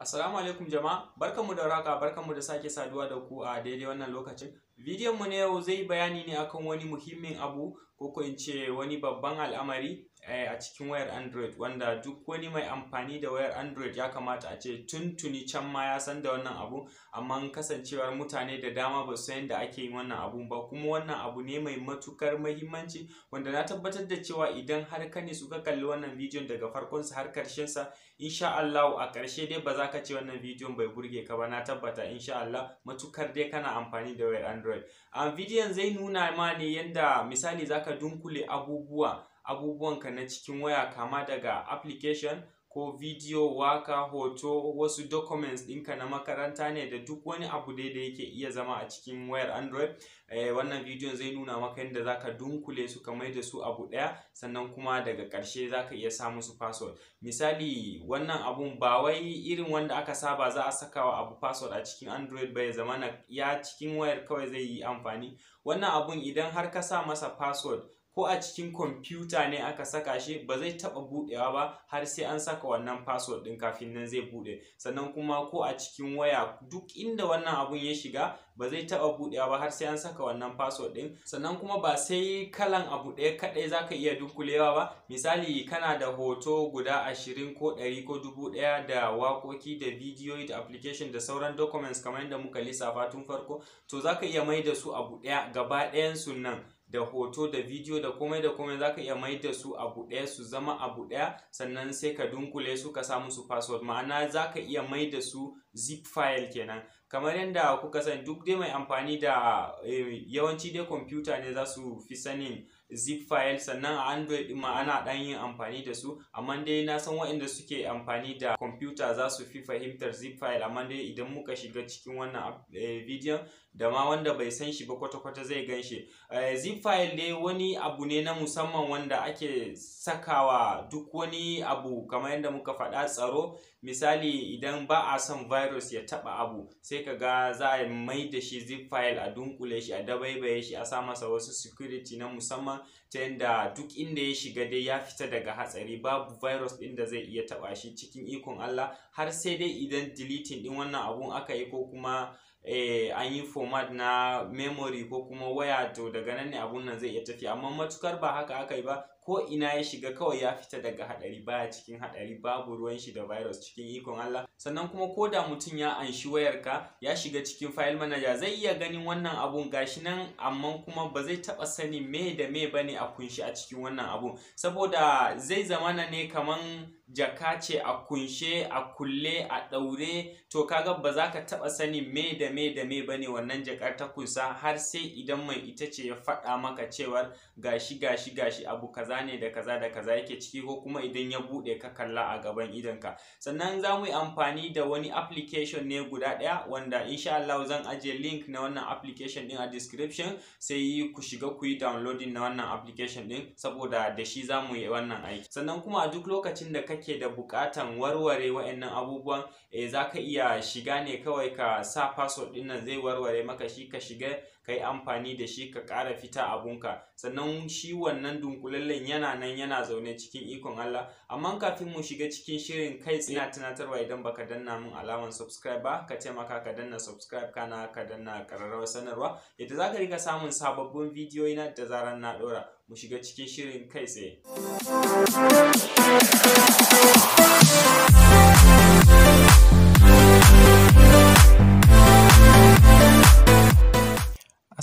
Assalamu alaikum jama'a, barkanmu da raka, barkanmu da sake saduwa da ku a daidai wannan lokacin. Bidiyon mu na yau zai bayani ne akan wani muhimmin abu ko ko in ce wani babban al'amari eh, a cikin wayar Android wanda duk wani mai amfani da wayar Android ya kamata a ce tuntuni can ma ya san da wannan abu amma kasancewar mutane da dama ba su san da ake yin wannan abun ba kuma wannan abu ne mai matukar muhimmanci wanda na tabbatar da cewa idan har ka ne suka kalli wannan bidiyon daga farkon sa har karshen sa insha Allah a karshe dai ba za ka ce wannan bidiyon bai burge ka ba na tabbata insha Allah matukar dai kana amfani da wayar Android android a bidiyon zai nuna ma ne yadda misali zaka dunkule abubuwa abubuwanka na cikin waya kama daga application ko video waka hoto wasu documents ɗinka na makaranta ne da duk wani abu dai da yake iya zama a cikin wayar android eh, wannan bidiyon zai nuna maka yadda zaka dunkule su ka maida su abu ɗaya sannan kuma daga ƙarshe zaka iya sa musu password misali wannan abun ba wai irin wanda aka saba za a saka wa abu password a cikin android ba ya zama ya cikin wayar kawai zai yi amfani wannan abun idan har ka sa masa password ko a cikin kwamfuta ne aka saka shi ba zai taɓa buɗewa ba har sai an saka wannan password ɗin kafin nan zai buɗe sannan kuma ko a cikin waya duk inda wannan abun ya shiga ba zai taɓa buɗewa ba har sai an saka wannan password ɗin sannan kuma ba sai kalan abu ɗaya kaɗai zaka iya dunkulewa ba misali kana da hoto guda ashirin ko ɗari ko dubu ɗaya da wakoki da bidiyo da application da sauran documents kamar yadda muka lissafa tun farko to zaka iya mai da su abu ɗaya gaba ɗayan su nan da hoto da video da komai da komai zaka iya mai da su abu ɗaya su zama abu ɗaya sannan sai ka dunkule su ka sa musu password ma'ana za ka iya mai da su zip file kenan kamar yadda kuka sani duk dai mai amfani da eh, yawanci dai kwamfuta ne za su fi sanin zip file sannan a android ma ana dan yin amfani da su amma dai na san waɗanda suke amfani da computer za su fi fahimtar zip file amma dai idan muka shiga cikin wannan eh, bidiyon da ma wanda bai san shi ba kwata-kwata zai gan shi eh, zip file dai wani abu ne na musamman wanda ake sakawa duk wani abu kamar yadda muka faɗa tsaro misali idan ba a son virus ya taɓa abu sai ka ga za a mai da shi zip file a dunkule shi a dabaibaye shi a sa masa wasu security na musamman tenda duk inda ya shiga dai ya fita daga hatsari babu virus ɗin da zai iya taɓa shi cikin ikon Allah har sai dai idan deleting ɗin wannan abun aka yi ko kuma eh, an yi format na memory ko kuma waya to daga nan ne abun nan zai iya tafi amma matukar ba haka aka yi ba ko ina ya shiga kawai ya fita daga hadari baya cikin hadari babu ruwan shi da virus cikin ikon Allah sannan kuma ko da mutum ya anshi wayarka ya shiga cikin file manager zai iya ganin wannan abun gashi nan amma kuma ba zai taba sani me da me bane a kunshi a cikin wannan abun saboda zai zamana ne kaman jaka ce a kunshe a kulle a ɗaure to kaga ba za ka taɓa sani me da me da me bane wannan jakar ta kunsa har sai idan mai ita ce ya faɗa maka cewar gashi gashi gashi abu kaza ne da kaza da kaza yake ciki ko kuma idan ya buɗe ka kalla a gaban idonka sannan za mu yi amfani da wani application ne guda ɗaya wanda insha Allah zan ajiye link na wannan application din a description sai ku shiga ku yi downloading na wannan application din? saboda da shi za mu yi wannan aiki sannan kuma a duk lokacin da kake da bukatan warware wa'annan abubuwan eh, za ka iya shiga ne kawai ka sa password ɗin nan zai warware maka shi ka shiga ka yi amfani da shi ka ƙara fita abunka sannan shi wannan dunkulallen yana nan yana zaune cikin ikon Allah amma kafin mu shiga cikin shirin kai tsaye tunatarwa idan baka danna mun alaman subscribe ba ka taimaka ka danna subscribe kana ka danna ƙararrawar sanarwa yadda za ka samun sababbin bidiyo na da zarar na ɗora mu shiga cikin shirin kai tsaye.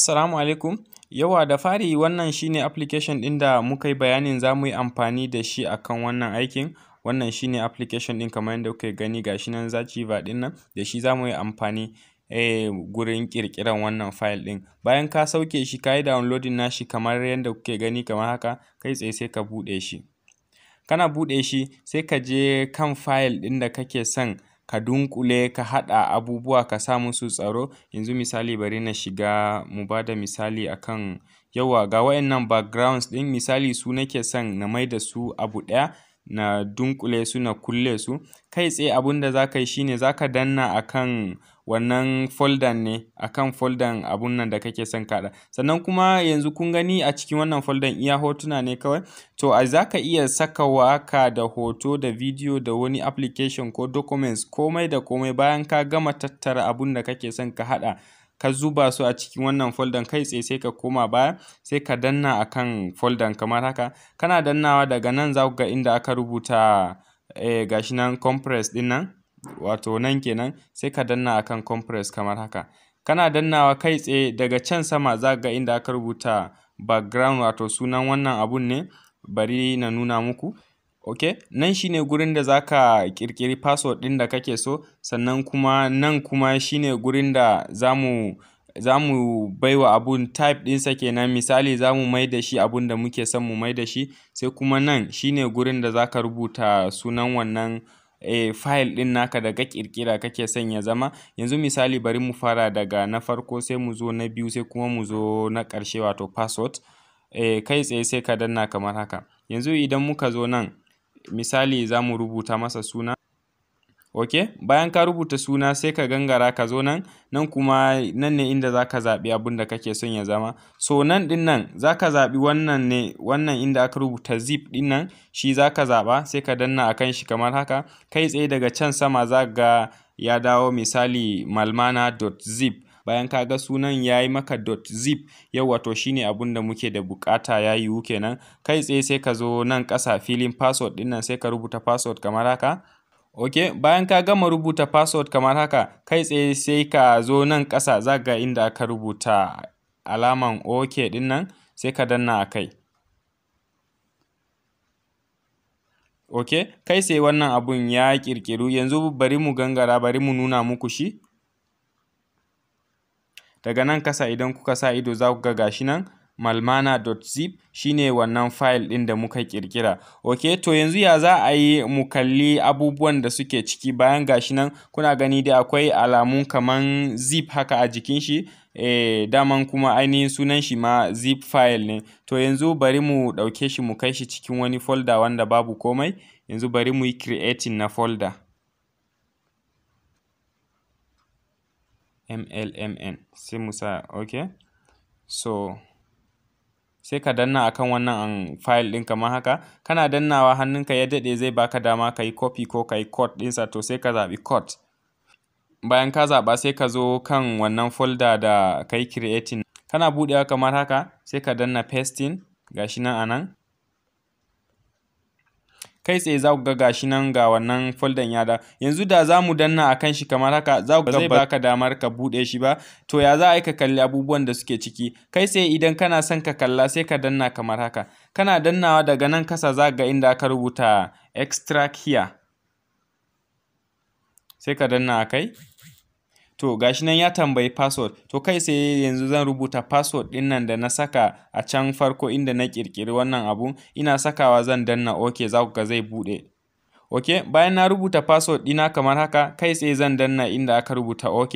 Assalamu alaikum. yawa da fari wannan shine application ɗin da muka yi bayanin za mu yi amfani da shi akan wannan aikin. Wannan shine application ɗin kamar yadda kuke gani ga shi nan ba ɗin nan da shi za mu yi amfani eh gurin ƙirƙiran wannan file ɗin. Bayan ka sauke shi ka yi na shi kamar yadda kuke gani kamar haka kai tsaye sai ka buɗe shi. Kana buɗe shi sai ka je kan file ɗin da kake son ka dunkule ka haɗa abubuwa ka sa musu tsaro. Yanzu misali bari na shiga mu ba da misali akan yawa ga wa'annan backgrounds ɗin misali su nake son na mai da su abu ɗaya na dunkule su na kulle su. Kai tsaye abunda za ka yi shine za ka danna akan wannan foldan ne akan foldan abun nan da kake son ka sannan kuma yanzu kun gani a cikin wannan foldan iya hotuna ne kawai to a ka iya saka waka da hoto da video da wani application ko documents komai da komai bayan ka gama tattara abun da kake son ka haɗa ka zuba su a cikin wannan foldan kai tsaye sai ka koma baya sai ka danna akan foldan kamar haka kana dannawa daga nan za ku ga inda aka rubuta eh, gashi nan compress ɗin nan wato nan kenan sai ka danna akan compress kamar haka kana dannawa kai tsaye daga can sama za ga inda aka rubuta background wato sunan wannan abun ne bari na nuna muku ok nan shine gurin da zaka kirkiri password ɗin da kake so sannan kuma nan kuma shine gurin da zamu zamu baiwa abun type ɗinsa kenan misali zamu mai da shi abun da muke son mu mai da shi sai kuma nan shine gurin da zaka rubuta sunan wannan eh file ɗin naka daga ka ƙirƙira kake son ya zama yanzu misali bari mu fara daga na farko sai mu zo na biyu sai kuma mu zo na ƙarshe wato password e kai tsaye sai ka danna kamar haka yanzu idan muka zo nan misali za mu rubuta masa suna ok bayan ka rubuta suna sai ka gangara ka zo nan nan kuma nan ne inda za ka zaɓi abin da kake son ya zama so nan ɗin nan za ka zaɓi wannan ne wannan inda aka rubuta zip ɗin nan shi za ka zaɓa sai ka danna a kan shi kamar haka kai tsaye daga can sama za ga ya dawo misali malmana.zip bayan ka ga sunan ya yi maka .zip yau wato shine abun da muke da bukata ya yiwu kenan kai tsaye sai ka zo nan ƙasa filin password ɗin nan sai ka rubuta password kamar haka ok bayan ka gama rubuta password kamar haka kai tsaye sai ka zo nan ƙasa za ga inda aka rubuta alaman ok ɗin nan sai ka danna a kai ok kai sai wannan abun ya ƙirƙiru yanzu bari mu gangara bari mu nuna muku shi daga nan kasa idan kuka sa ido za ku ga gashi nan malmana.zip shine wannan fayil ɗin da muka ƙirƙira ok to yanzu ya za a yi mu kalli abubuwan da suke ciki bayan gashi nan kuna gani dai akwai alamun kaman zip haka a jikin shi e, daman kuma ainihin sunan shi ma zip fayil ne to yanzu bari mu ɗauke shi mu kai shi cikin wani folda wanda babu komai yanzu bari mu yi creating na folda. mlmn sai mu so sai ka danna akan wannan um, file ɗin kamar haka kana dannawa hannunka ya daɗe zai baka dama ka yi copy ko ka yi cut ɗinsa to sai ka zaɓi cut bayan ka zaɓa sai ka zo kan wannan folder da ka yi creating kana buɗewa kamar haka sai ka danna pasting gashi nan a nan kai tsaye za ku ga gashi nan ga wannan folder ya yanzu da za mu danna a kan shi kamar haka za ku zai baka damar ka bude shi ba to ya za a yi ka kalli abubuwan da suke ciki kai tsaye idan kana son ka kalla sai ka danna kamar haka kana dannawa daga nan kasa za ga inda aka rubuta extract here sai ka danna a akai to gashi nan ya tambayi password to kai sai yanzu zan rubuta password din nan da na saka a can farko inda na kirkiri wannan abun ina sakawa zan danna oke za ku ga zai bude ok bayan na rubuta password dina kamar haka kai sai zan danna inda aka rubuta ok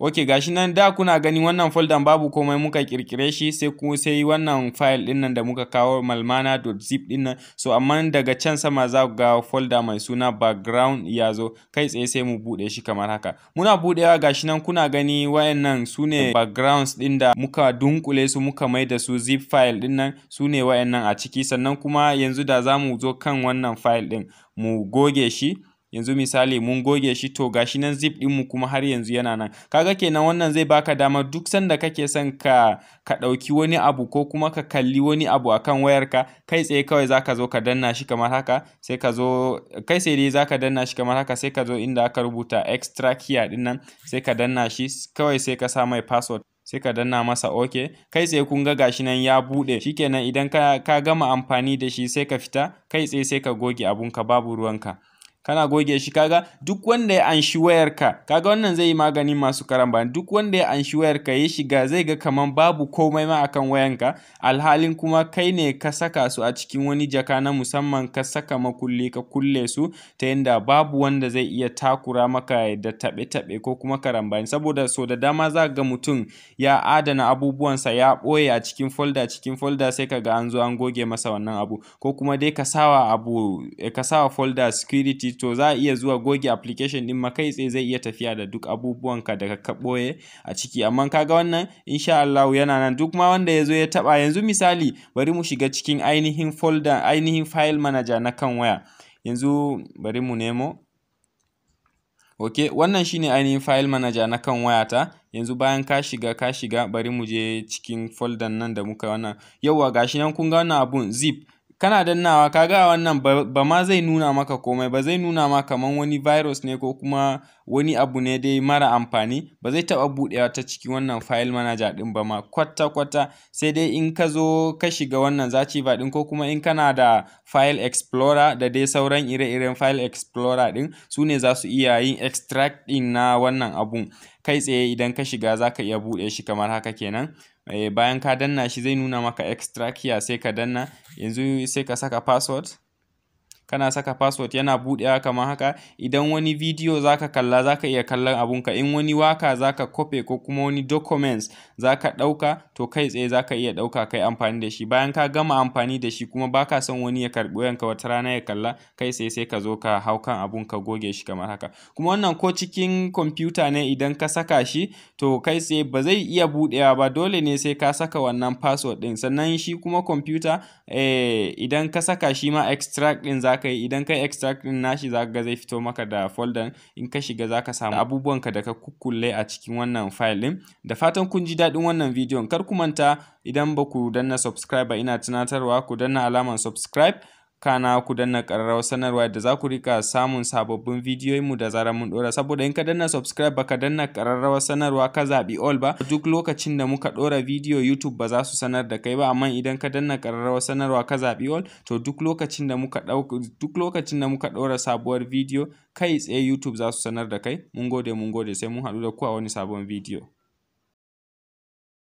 ok gashi nan da kuna gani wannan folder babu komai muka kirkire shi sai ku sai wannan file din nan da muka kawo malmana.zip din nan so amma daga can sama za ku ga folder mai suna background ya zo kai tsaye sai mu bude shi kamar haka muna budewa gashi nan kuna gani wayannan sune backgrounds din da muka dunkule su muka mai da su zip file din nan sune wayannan a ciki sannan kuma yanzu da za mu zo kan wannan file din mu goge shi yanzu misali mun goge shi to gashi nan zip din kuma har yanzu yana nan kaga kenan wannan zai baka dama duk sanda kake son ka ka dauki wani abu ko kuma ka kalli wani abu akan wayarka kai tsaye kawai zaka zo ka danna shi kamar haka sai ka zo kai sai dai zaka danna shi kamar haka sai ka zo inda aka rubuta extra key din nan sai ka danna shi kawai sai ka sa mai password sai ka danna masa OK kai tsaye kun ga gashi nan ya bude shikenan idan ka, ka gama amfani da shi sai ka fita kai tsaye sai ka goge abunka babu ruwanka kana goge shi kaga duk wanda ya anshi wayarka kaga wannan zai yi magani masu karamba duk wanda ya anshi wayarka ya shiga zai ga kaman babu komai ma akan wayanka alhalin kuma kai ne ka saka su a cikin wani jaka na musamman ka saka makulli ka kulle su ta yanda babu wanda zai iya takura maka da taɓe taɓe ko kuma karambani saboda so da dama za ga mutum ya adana abubuwansa ya ɓoye a cikin folda cikin folda sai ka ga an zo an goge masa wannan abu ko kuma dai ka sawa abu ka sawa folder security to za a iya zuwa goge application ɗin ma kai tsaye zai iya tafiya da duk ka ka ka boye a ciki amma kaga wannan insha Allah yana nan duk ma wanda ya zo ya taba yanzu misali bari mu shiga cikin ainihin folder ainihin file manager na kan waya yanzu bari mu nemo ok wannan shine ainihin file manager na kan wayata yanzu bayan ka shiga ka shiga bari mu je cikin folder nan da muka wannan yauwa gashi nan kun ga wannan abun zip kana dannawa kaga a wannan ba ma zai nuna maka komai ba zai nuna ma kaman wani virus ne ko kuma wani abu ne dai mara amfani ba zai taɓa buɗewa ta cikin wannan file manager ɗin ba ma kwata kwata sai dai in ka zo ka shiga wannan zaci ba ɗin ko kuma in kana da file explorer da dai sauran ire-iren file explorer ɗin su ne za su iya yin extract ɗin na wannan abun kai tsaye idan ka shiga za ka iya buɗe shi kamar haka kenan Eh, bayan ka danna shi zai nuna maka extra kiya sai ka danna yanzu sai ka saka password kana saka password yana buɗewa kamar haka idan wani bidiyo zaka kalla zaka iya kallon abunka in wani waka zaka kofe ko kuma wani documents zaka ɗauka to kai tsaye zaka iya ɗauka kai amfani da shi bayan ka gama amfani da shi kuma baka son wani ya karɓi yanka wata rana ya kalla kai tsaye sai ka zo ka hau kan abun ka goge shi kamar haka kuma wannan ko cikin computer ne idan ka saka shi to kai tsaye ba zai iya buɗewa ba dole ne sai ka saka wannan password ɗin sannan shi kuma computer eh, idan ka saka shi ma extract ɗin zaka ka yi idan kai extract din nashi za ga zai fito maka da folder in ka shiga za ka samu abubuwan ka da ka kukkulle a cikin wannan file din da fatan kun ji daɗin wannan bidiyon kar ku manta idan ba ku danna subscribe ina tunatarwa ku danna alamar subscribe kana ku danna ƙararrawar sanarwa da za ku rika samun sababbin mu da zarar mun ɗora saboda in ka danna subscribe baka danna ƙararrawar sanarwa ka zaɓi all ba duk lokacin da muka ɗora bidiyo YouTube ba za su sanar da kai ba amma idan ka danna ƙararrawar sanarwa ka zaɓi all to duk lokacin da muka duk lokacin da muka ɗora sabuwar bidiyo kai tsaye YouTube za su sanar da kai mun gode mun gode sai mun haɗu da ku a wani sabon bidiyo.